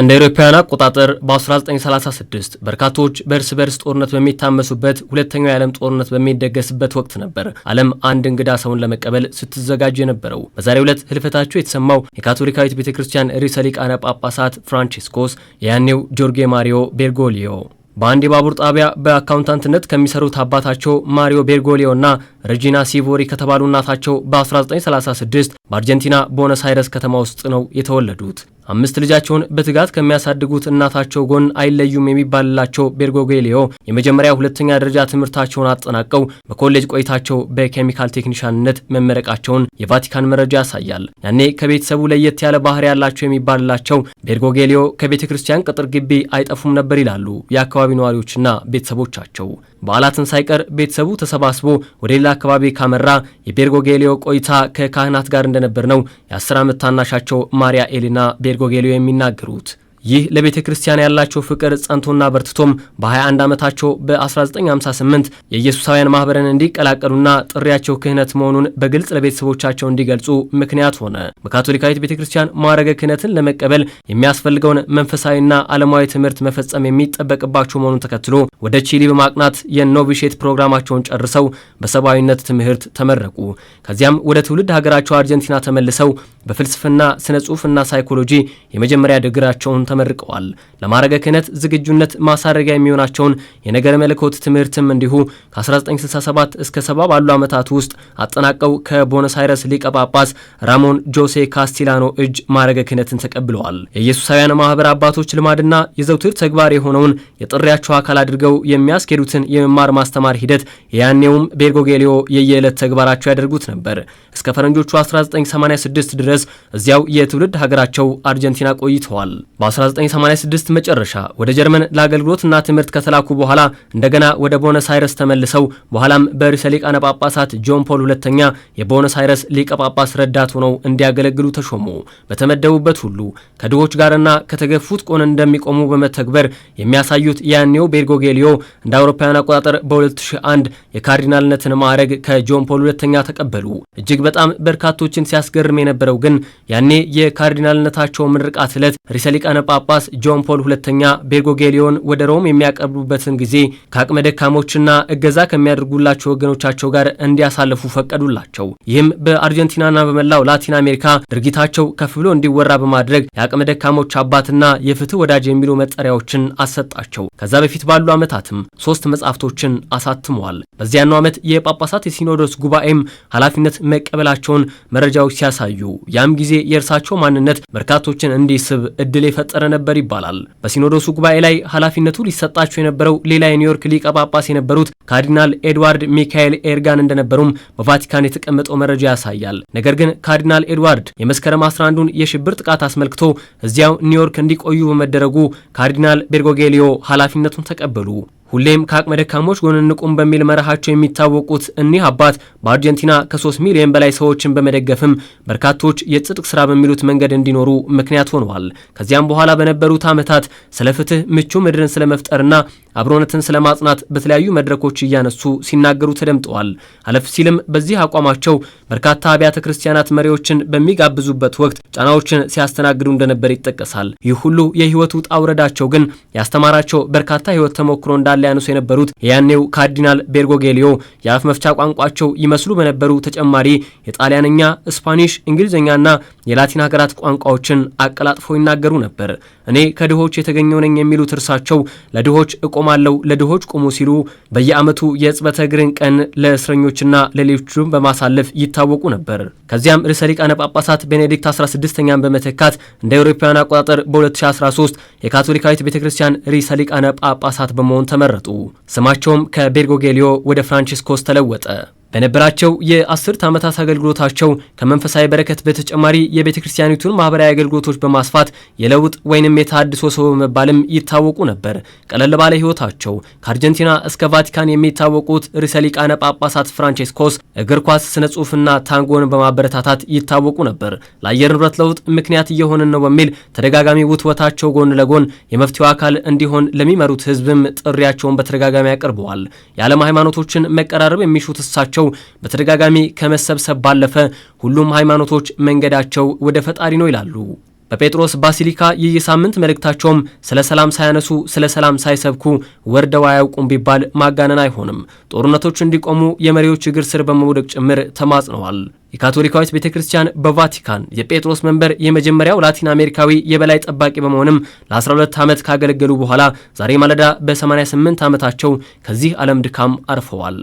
እንደ አውሮፓውያን አቆጣጠር በ1936 በርካቶች በእርስ በርስ ጦርነት በሚታመሱበት ሁለተኛው የዓለም ጦርነት በሚደገስበት ወቅት ነበር ዓለም አንድ እንግዳ ሰውን ለመቀበል ስትዘጋጅ የነበረው። በዛሬው ዕለት ህልፈታቸው የተሰማው የካቶሊካዊት ቤተ ክርስቲያን ርዕሰ ሊቃነ ጳጳሳት ፍራንቺስኮስ የያኔው ጆርጌ ማሪዮ ቤርጎሊዮ በአንድ የባቡር ጣቢያ በአካውንታንትነት ከሚሰሩት አባታቸው ማሪዮ ቤርጎሊዮ እና ረጂና ሲቮሪ ከተባሉ እናታቸው በ1936 በአርጀንቲና ቦነስ አይረስ ከተማ ውስጥ ነው የተወለዱት። አምስት ልጃቸውን በትጋት ከሚያሳድጉት እናታቸው ጎን አይለዩም የሚባልላቸው ቤርጎጌሊዮ የመጀመሪያ ሁለተኛ ደረጃ ትምህርታቸውን አጠናቀው በኮሌጅ ቆይታቸው በኬሚካል ቴክኒሻንነት መመረቃቸውን የቫቲካን መረጃ ያሳያል። ያኔ ከቤተሰቡ ለየት ያለ ባህሪ ያላቸው የሚባልላቸው ቤርጎጌሊዮ ከቤተ ክርስቲያን ቅጥር ግቢ አይጠፉም ነበር ይላሉ የአካባቢ ነዋሪዎችና ቤተሰቦቻቸው። በዓላትን ሳይቀር ቤተሰቡ ተሰባስቦ ወደ ሌላ አካባቢ ካመራ የቤርጎጌሊዮ ቆይታ ከካህናት ጋር እንደነበር ነው የአስር ዓመት ታናሻቸው ማሪያ ኤሊና ቤርጎጌሊዮ የሚናገሩት። ይህ ለቤተ ክርስቲያን ያላቸው ፍቅር ጸንቶና በርትቶም በ21 ዓመታቸው በ1958 የኢየሱሳውያን ማኅበርን እንዲቀላቀሉና ጥሪያቸው ክህነት መሆኑን በግልጽ ለቤተሰቦቻቸው እንዲገልጹ ምክንያት ሆነ። በካቶሊካዊት ቤተ ክርስቲያን ማዕረገ ክህነትን ለመቀበል የሚያስፈልገውን መንፈሳዊና ዓለማዊ ትምህርት መፈጸም የሚጠበቅባቸው መሆኑን ተከትሎ ወደ ቺሊ በማቅናት የኖቪሼት ፕሮግራማቸውን ጨርሰው በሰብአዊነት ትምህርት ተመረቁ። ከዚያም ወደ ትውልድ ሀገራቸው አርጀንቲና ተመልሰው በፍልስፍና ስነ ጽሑፍና ሳይኮሎጂ የመጀመሪያ ድግራቸውን ተመርቀዋል። ለማዕረገ ክህነት ዝግጁነት ማሳረጊያ የሚሆናቸውን የነገረ መለኮት ትምህርትም እንዲሁ ከ1967 እስከ 70 ባሉ ዓመታት ውስጥ አጠናቀው ከቦነስ አይረስ ሊቀ ጳጳስ ራሞን ጆሴ ካስቲላኖ እጅ ማዕረገ ክህነትን ተቀብለዋል። የኢየሱሳውያን ማህበር አባቶች ልማድና የዘውትር ተግባር የሆነውን የጥሪያቸው አካል አድርገው የሚያስኬዱትን የመማር ማስተማር ሂደት የያኔውም ቤርጎጌሊዮ የየዕለት ተግባራቸው ያደርጉት ነበር። እስከ ፈረንጆቹ 1986 ድረስ እዚያው የትውልድ ሀገራቸው አርጀንቲና ቆይተዋል። በ መጨረሻ ወደ ጀርመን እና ትምህርት ከተላኩ በኋላ እንደገና ወደ ቦነስ አይረስ ተመልሰው በኋላም በርዕሰ ሊቃነ ጳጳሳት ጆን ፖል ሁለተኛ የቦነስ አይረስ ሊቀ ጳጳስ ረዳት ሆነው እንዲያገለግሉ ተሾሙ። በተመደቡበት ሁሉ ከድሆች ጋርና ከተገፉት ጎን እንደሚቆሙ በመተግበር የሚያሳዩት ያኔው ቤርጎጌሊዮ እንደ አውሮፓውያን አቆጣጠር በ2001 የካርዲናልነትን ማዕረግ ከጆን ፖል ሁለተኛ ተቀበሉ። እጅግ በጣም በርካቶችን ሲያስገርም የነበረው ግን ያኔ የካርዲናልነታቸው ምርቃት ዕለት ርዕሰ ሊቃነ ጳጳስ ጆን ፖል ሁለተኛ ቤርጎጌሊዮን ወደ ሮም የሚያቀርቡበትን ጊዜ ከአቅመ ደካሞችና እገዛ ከሚያደርጉላቸው ወገኖቻቸው ጋር እንዲያሳልፉ ፈቀዱላቸው። ይህም በአርጀንቲናና በመላው ላቲን አሜሪካ ድርጊታቸው ከፍ ብሎ እንዲወራ በማድረግ የአቅመ ደካሞች አባትና የፍትህ ወዳጅ የሚሉ መጠሪያዎችን አሰጣቸው። ከዛ በፊት ባሉ ዓመታትም ሶስት መጽሐፍቶችን አሳትመዋል። በዚያኑ ዓመት የጳጳሳት የሲኖዶስ ጉባኤም ኃላፊነት መቀበላቸውን መረጃዎች ሲያሳዩ፣ ያም ጊዜ የእርሳቸው ማንነት በርካቶችን እንዲስብ እድል የፈጠ የተፈጠረ ነበር ይባላል። በሲኖዶሱ ጉባኤ ላይ ኃላፊነቱ ሊሰጣቸው የነበረው ሌላ የኒውዮርክ ሊቀ ጳጳስ የነበሩት ካርዲናል ኤድዋርድ ሚካኤል ኤርጋን እንደነበሩም በቫቲካን የተቀመጠው መረጃ ያሳያል። ነገር ግን ካርዲናል ኤድዋርድ የመስከረም 11ዱን የሽብር ጥቃት አስመልክቶ እዚያው ኒውዮርክ እንዲቆዩ በመደረጉ ካርዲናል ቤርጎጌሊዮ ኃላፊነቱን ተቀበሉ። ሁሌም ከአቅመ ደካሞች ጎን እንቁም በሚል መርሃቸው የሚታወቁት እኒህ አባት በአርጀንቲና ከ3 ሚሊዮን በላይ ሰዎችን በመደገፍም በርካቶች የጽድቅ ስራ በሚሉት መንገድ እንዲኖሩ ምክንያት ሆነዋል። ከዚያም በኋላ በነበሩት ዓመታት ስለ ፍትህ ምቹ ምድርን ስለመፍጠርና አብሮነትን ስለማጽናት በተለያዩ መድረኮች እያነሱ ሲናገሩ ተደምጠዋል። አለፍ ሲልም በዚህ አቋማቸው በርካታ አብያተ ክርስቲያናት መሪዎችን በሚጋብዙበት ወቅት ጫናዎችን ሲያስተናግዱ እንደነበር ይጠቀሳል። ይህ ሁሉ የህይወት ውጣ ውረዳቸው ግን ያስተማራቸው በርካታ ህይወት ተሞክሮ እንዳለ ያነሱ የነበሩት የያኔው ካርዲናል ቤርጎጌሊዮ የአፍ መፍቻ ቋንቋቸው ይመስሉ በነበሩ ተጨማሪ የጣሊያንኛ፣ ስፓኒሽ፣ እንግሊዝኛና የላቲን ሀገራት ቋንቋዎችን አቀላጥፎ ይናገሩ ነበር። እኔ ከድሆች የተገኘው ነኝ የሚሉት እርሳቸው ለድሆች እቆማ እቆማለሁ ለድሆች ቁሙ ሲሉ በየዓመቱ የእጽበተ እግርን ቀን ለእስረኞችና ለሌሎችም በማሳለፍ ይታወቁ ነበር። ከዚያም ርዕሰ ሊቃነ ጳጳሳት ቤኔዲክት 16ኛን በመተካት እንደ አውሮፓውያን አቆጣጠር በ2013 የካቶሊካዊት ቤተ ክርስቲያን ርዕሰ ሊቃነ ጳጳሳት በመሆን ተመረጡ። ስማቸውም ከቤርጎጌሊዮ ወደ ፍራንቺስኮስ ተለወጠ። በነበራቸው የአስርት ዓመታት አገልግሎታቸው ከመንፈሳዊ በረከት በተጨማሪ የቤተ ክርስቲያኒቱን ማህበራዊ አገልግሎቶች በማስፋት የለውጥ ወይንም የተሃድሶ ሰው በመባልም ይታወቁ ነበር። ቀለል ባለ ሕይወታቸው ከአርጀንቲና እስከ ቫቲካን የሚታወቁት ርዕሰ ሊቃነ ጳጳሳት ፍራንቼስኮስ እግር ኳስ፣ ስነ ጽሑፍና ታንጎን በማበረታታት ይታወቁ ነበር። ለአየር ንብረት ለውጥ ምክንያት እየሆንን ነው በሚል ተደጋጋሚ ውትወታቸው ጎን ለጎን የመፍትሄው አካል እንዲሆን ለሚመሩት ሕዝብም ጥሪያቸውን በተደጋጋሚ አቅርበዋል። የዓለም ሃይማኖቶችን መቀራረብ የሚሹት እሳቸው መሆናቸው በተደጋጋሚ ከመሰብሰብ ባለፈ ሁሉም ሃይማኖቶች መንገዳቸው ወደ ፈጣሪ ነው ይላሉ። በጴጥሮስ ባሲሊካ የየሳምንት ሳምንት መልእክታቸውም ስለ ሰላም ሳያነሱ ስለ ሰላም ሳይሰብኩ ወርደው አያውቁም ቢባል ማጋነን አይሆንም። ጦርነቶች እንዲቆሙ የመሪዎች እግር ስር በመውደቅ ጭምር ተማጽነዋል። የካቶሊካዊት ቤተ ክርስቲያን በቫቲካን የጴጥሮስ መንበር የመጀመሪያው ላቲን አሜሪካዊ የበላይ ጠባቂ በመሆንም ለ12 ዓመት ካገለገሉ በኋላ ዛሬ ማለዳ በ88 ዓመታቸው ከዚህ ዓለም ድካም አርፈዋል።